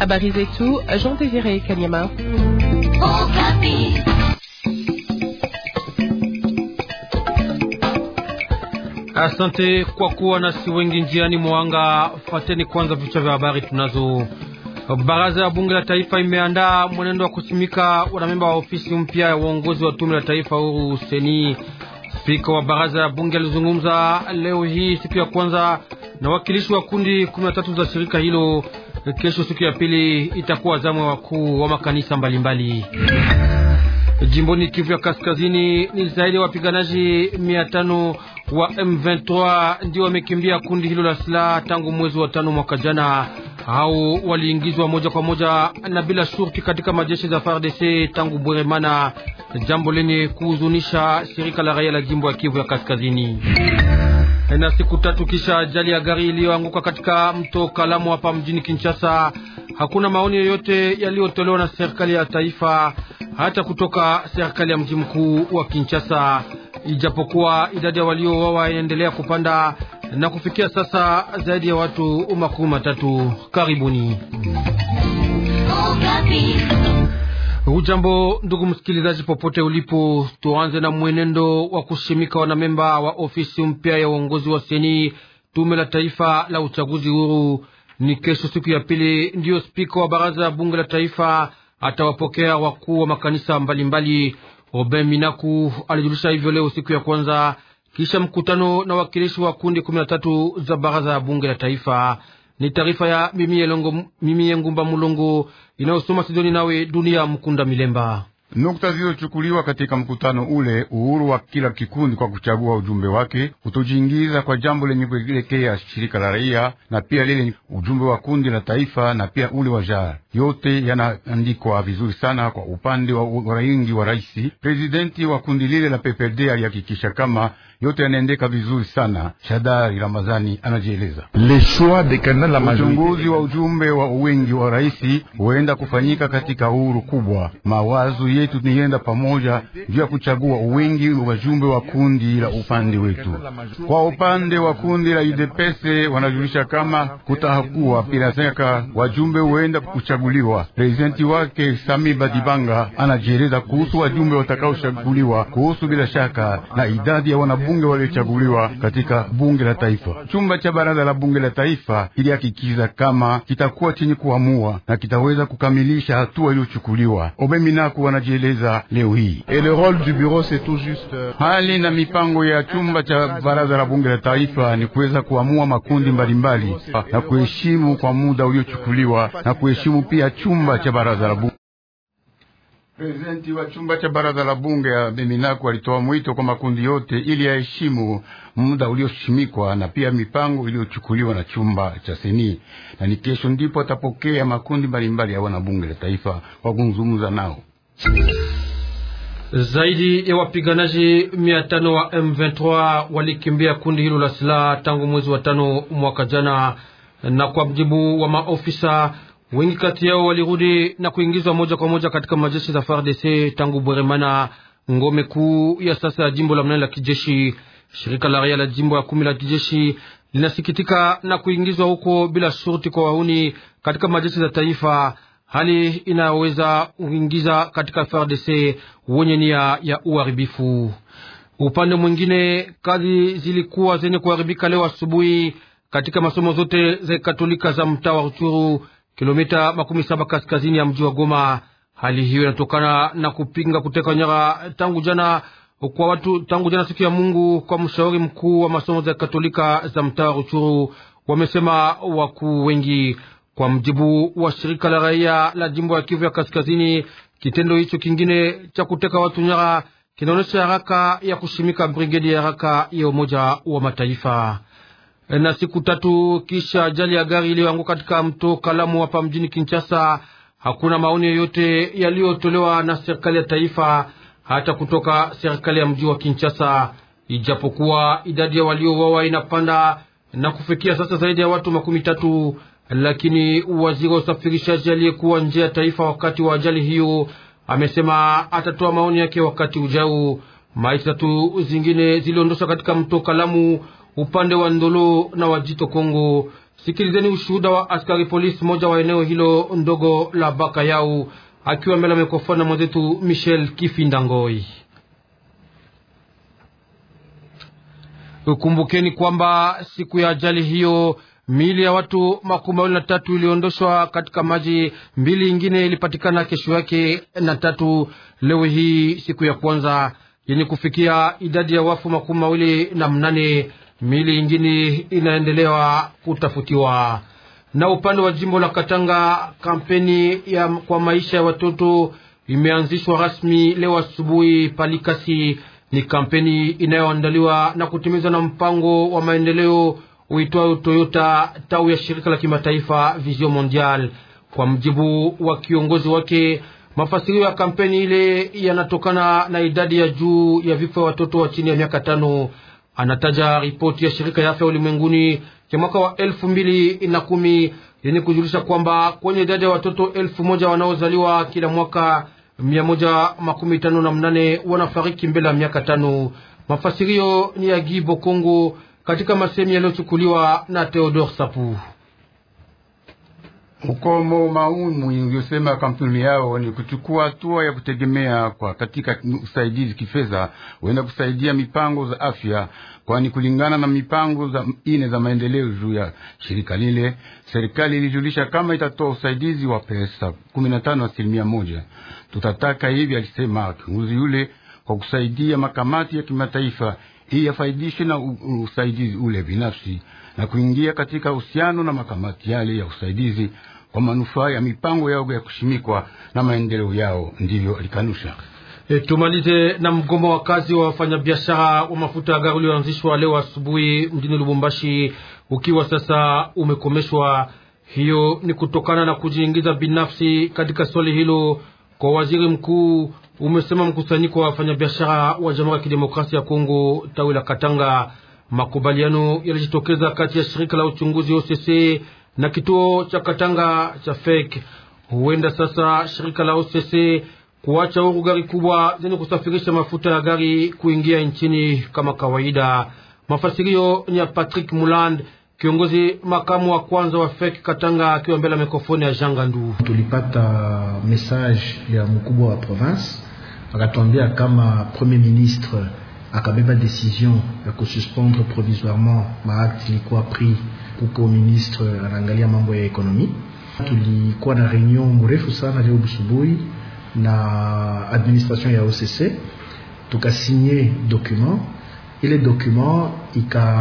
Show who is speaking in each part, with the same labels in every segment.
Speaker 1: Habari zetu Jean Désiré Kanyama. Asante kwa kuwa nasi wengi njiani mwanga. Fateni kwanza vichwa vya habari tunazo. Baraza ya bunge la taifa imeandaa mwenendo wa kusimika wanamemba wa ofisi mpya ya uongozi wa tume la taifa huru seni. Spika wa baraza ya bunge alizungumza leo hii siku ya kwanza na wakilishi wa kundi 13 za shirika hilo. Kesho siku ya pili itakuwa zamu wakuu wa makanisa mbalimbali jimboni Kivu ya Kaskazini. Ni zaidi ya wapiganaji 500 wa M23 ndio wamekimbia kundi hilo la silaha tangu mwezi wa tano mwaka jana. au waliingizwa moja kwa moja na bila shurti katika majeshi za FARDC tangu Bweremana, jambo lenye kuhuzunisha shirika la raia la jimbo ya Kivu ya Kaskazini na siku tatu kisha ajali ya gari iliyoanguka katika mto Kalamu hapa mjini Kinshasa. Hakuna maoni yoyote yaliyotolewa na serikali ya taifa hata kutoka serikali ya mji mkuu wa Kinshasa, ijapokuwa idadi ya waliouawa inaendelea kupanda na kufikia sasa zaidi ya watu makumi matatu. Karibuni. Oh, Hujambo ndugu msikilizaji, popote ulipo, tuanze na mwenendo wa kushimika wanamemba wa ofisi mpya ya uongozi wa seni tume la taifa la uchaguzi huru. Ni kesho siku ya pili ndiyo spika wa baraza ya bunge la taifa atawapokea wakuu wa makanisa mbalimbali. Robin Minaku alijulisha hivyo leo siku ya kwanza kisha mkutano na wakilishi wa kundi kumi na tatu za baraza ya bunge la taifa. Ni taarifa ya mimi Ngumba Mulongo inayosoma studioni nawe dunia mkunda Milemba.
Speaker 2: Nukta zilizochukuliwa katika mkutano ule, uhuru wa kila kikundi kwa kuchagua ujumbe wake, kutojiingiza kwa jambo lenye kuelekea shirika la raia, na pia lile ujumbe wa kundi la taifa, na pia ule wa JAR, yote yanaandikwa vizuri sana. Kwa upande wa raingi wa raisi, prezidenti wa kundi lile la PPD alihakikisha kama yote yanaendeka vizuri sana. Shadari Ramazani anajieleza, uchunguzi wa ujumbe wa uwingi wa raisi huenda kufanyika katika uhuru kubwa mawazo yetu tunienda pamoja juu ya kuchagua wa wajumbe wa kundi la upande wetu. Kwa upande wa kundi la idepese wanajulisha kama kutahakuwa pilaseka wajumbe huenda kuchaguliwa. Prezidenti wake Sami Badibanga anajieleza kuhusu wajumbe watakaochaguliwa kuhusu bila shaka na idadi ya wanabunge waliochaguliwa katika bunge la taifa. Chumba cha baraza la bunge la taifa kilihakikisha kama kitakuwa chenye kuamua na kitaweza kukamilisha hatua iliyochukuliwa. naku wanaji tunajieleza leo hii. Et le rôle du bureau c'est tout juste euh, hali na mipango ya chumba cha baraza la bunge la taifa ni kuweza kuamua makundi mbalimbali mbali, na kuheshimu kwa muda uliochukuliwa na kuheshimu pia chumba cha baraza la bunge. Presidenti wa chumba cha baraza la bunge ya eh, Beminaku alitoa mwito kwa makundi yote ili yaheshimu muda ulioshimikwa na pia mipango iliyochukuliwa na chumba cha Seni, na ni kesho ndipo atapokea makundi mbalimbali ya wanabunge la taifa kwa kuzungumza nao. Zaidi ya
Speaker 1: wapiganaji mia tano wa M23 walikimbia kundi hilo la silaha tangu mwezi wa tano mwaka jana, na kwa mjibu wa maofisa wengi kati yao walirudi na kuingizwa moja kwa moja katika majeshi za FARDC tangu Bweremana, ngome kuu ya sasa ya jimbo la mnane la kijeshi. Shirika la raia la jimbo ya kumi la kijeshi linasikitika na kuingizwa huko bila shurti kwa wahuni katika majeshi za taifa hali inaweza kuingiza katika frdc wenye nia ya uharibifu. Upande mwingine, kazi zilikuwa zenye kuharibika leo asubuhi katika masomo zote za Katolika za mtaa wa Ruchuru, kilomita makumi saba kaskazini ya mji wa Goma. Hali hiyo inatokana na kupinga kuteka nyara tangu jana kwa watu tangu jana siku ya Mungu kwa mshauri mkuu wa masomo za Katolika za mtaa wa Ruchuru, wamesema wakuu wengi. Kwa mjibu wa shirika la raia la jimbo ya Kivu ya Kaskazini, kitendo hicho kingine cha kuteka watu nyara kinaonyesha haraka ya kushimika brigedi ya haraka ya Umoja wa Mataifa. Na siku tatu kisha ajali ya gari iliyoanguka katika mto Kalamu hapa mjini Kinshasa, hakuna maoni yoyote yaliyotolewa na serikali ya taifa hata kutoka serikali ya mji wa Kinshasa, ijapokuwa idadi ya waliouawa inapanda na kufikia sasa zaidi ya watu makumi tatu lakini waziri wa usafirishaji aliyekuwa nje ya taifa wakati wa ajali hiyo amesema atatoa maoni yake wakati ujao. Maiti tatu zingine ziliondoshwa katika mto Kalamu upande wa Ndolo na wajito Kongo. Sikilizeni ushuhuda wa askari polisi moja wa eneo hilo ndogo la Baka Yau akiwa mbele ya mikrofoni na mwenzetu Michel Kifindangoi. Kumbukeni kwamba siku ya ajali hiyo miili ya watu makumi mawili na tatu iliondoshwa katika maji, mbili ingine ilipatikana kesho yake na tatu leo hii, siku ya kwanza yenye kufikia idadi ya wafu makumi mawili na mnane. Miili ingine inaendelewa kutafutiwa. Na upande wa jimbo la Katanga, kampeni ya kwa maisha ya watoto imeanzishwa rasmi leo asubuhi Palikasi. Ni kampeni inayoandaliwa na kutimizwa na mpango wa maendeleo uitwayo Toyota, tau ya shirika la kimataifa Vision Mondial. Kwa mjibu wa kiongozi wake, mafasirio ya kampeni ile yanatokana na idadi ya juu ya vifo ya watoto wa chini ya miaka tano. Anataja ripoti ya shirika ya afya ulimwenguni ya mwaka wa elfu mbili na kumi yenye kujulisha kwamba kwenye idadi ya watoto elfu moja wanaozaliwa kila mwaka mia moja makumi tano na mnane wanafariki mbele ya miaka tano. Mafasirio ni ya Gibo Kongo katika masemi yaliyochukuliwa na Theodor Sapu.
Speaker 2: Ukomo maumu uliosema kampuni yao ni kuchukua hatua ya kutegemea kwa katika usaidizi kifedha, huenda kusaidia mipango za afya, kwani kulingana na mipango za ine za maendeleo juu ya shirika lile, serikali ilijulisha kama itatoa usaidizi wa pesa 15 asilimia moja. Tutataka hivi, alisema kiongozi yule, kwa kusaidia makamati ya kimataifa hii yafaidishe na usaidizi ule binafsi na kuingia katika uhusiano na makamati yale ya usaidizi kwa manufaa ya mipango yao ya kushimikwa na maendeleo yao, ndivyo alikanusha.
Speaker 1: E, tumalize na mgomo wa kazi wa wafanyabiashara wa mafuta ya gari ulioanzishwa leo asubuhi mjini Lubumbashi ukiwa sasa umekomeshwa. Hiyo ni kutokana na kujiingiza binafsi katika swali hilo kwa waziri mkuu umesema mkusanyiko wa wafanyabiashara wa Jamhuri ya Kidemokrasia ya Kongo tawi la Katanga. Makubaliano yalijitokeza kati ya shirika la uchunguzi OCC na kituo cha Katanga cha FEK. Huenda sasa shirika la OCC kuacha huru gari kubwa zenye kusafirisha mafuta ya gari kuingia nchini kama kawaida. Mafasirio ni ya Patrick Muland, kiongozi makamu wa kwanza wa FEK Katanga, akiwa mbele ya mikrofoni ya Jean Gandu.
Speaker 3: Tulipata message ya mkubwa wa province que kama premier ministre akabeba décision de suspendre provisoirement maakti ilikuwa pris huko, ministre anaangalia mambo ya ekonomi. Tulikuwa na reunion mrefu sana leo busubuhi na administration ya OCC, tukasinye document ile document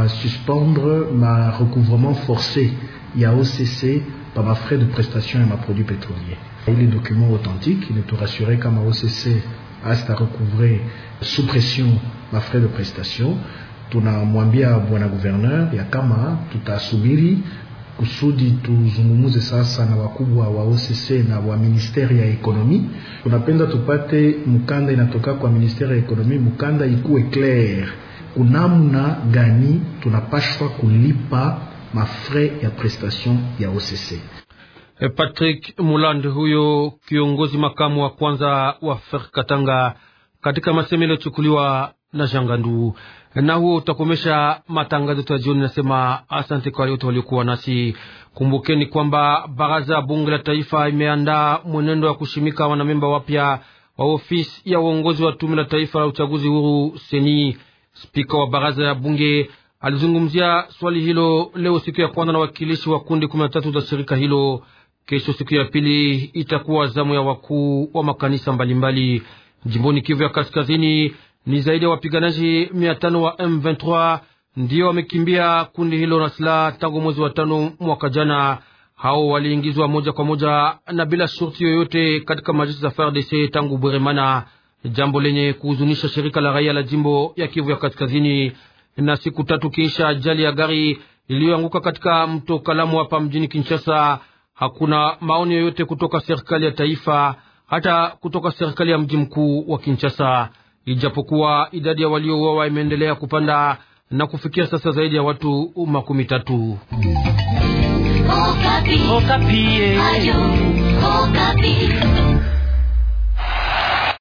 Speaker 3: suspendre ma recouvrement forcé ya OCC par ma frais de prestation et ma produit pétrolier. Ile document authentique que kama OCC hasta recouvrer sous pression frais de prestation tunamwambia bwana gouverneur ya kama tutasubiri kusudi tuzungumuze sasa na wakubwa wa OCC na wa ministeri ya ekonomi. Tunapenda tupate mkanda inatoka kwa ministeri ya ekonomi, mkanda ikuwe clair kunamna gani tunapashwa kulipa mafrais ya prestation ya OCC.
Speaker 1: Eh, Patrick Muland huyo kiongozi makamu wa kwanza wa Fer Katanga katika masemi yaliyochukuliwa na Jangandu. Na huo utakomesha matangazo yetu ya jioni. Nasema asante kwa yote waliokuwa nasi. Kumbukeni kwamba baraza ya bunge la taifa imeandaa mwenendo wa kushimika wanamemba wapya wa ofisi ya uongozi wa tume la taifa la uchaguzi huru seni. Spika wa baraza ya bunge alizungumzia swali hilo leo siku ya kwanza na wakilishi wa kundi kumi na tatu za shirika hilo. Kesho siku ya pili itakuwa zamu ya wakuu wa makanisa mbalimbali jimboni Kivu ya Kaskazini. Ni zaidi ya wapiganaji mia tano wa M23 ndiyo wamekimbia kundi hilo na silaha tangu mwezi wa tano mwaka jana. Hao waliingizwa moja kwa moja na bila shurti yoyote katika majeshi za FARDC tangu Bweremana, jambo lenye kuhuzunisha shirika la raia la jimbo ya Kivu ya Kaskazini. Na siku tatu kisha ajali ya gari iliyoanguka katika mto Kalamu hapa mjini Kinshasa hakuna maoni yoyote kutoka serikali ya taifa hata kutoka serikali ya mji mkuu wa Kinshasa, ijapokuwa idadi ya waliouawa imeendelea kupanda na kufikia sasa zaidi ya watu makumi tatu.
Speaker 2: Okapi. Okapi.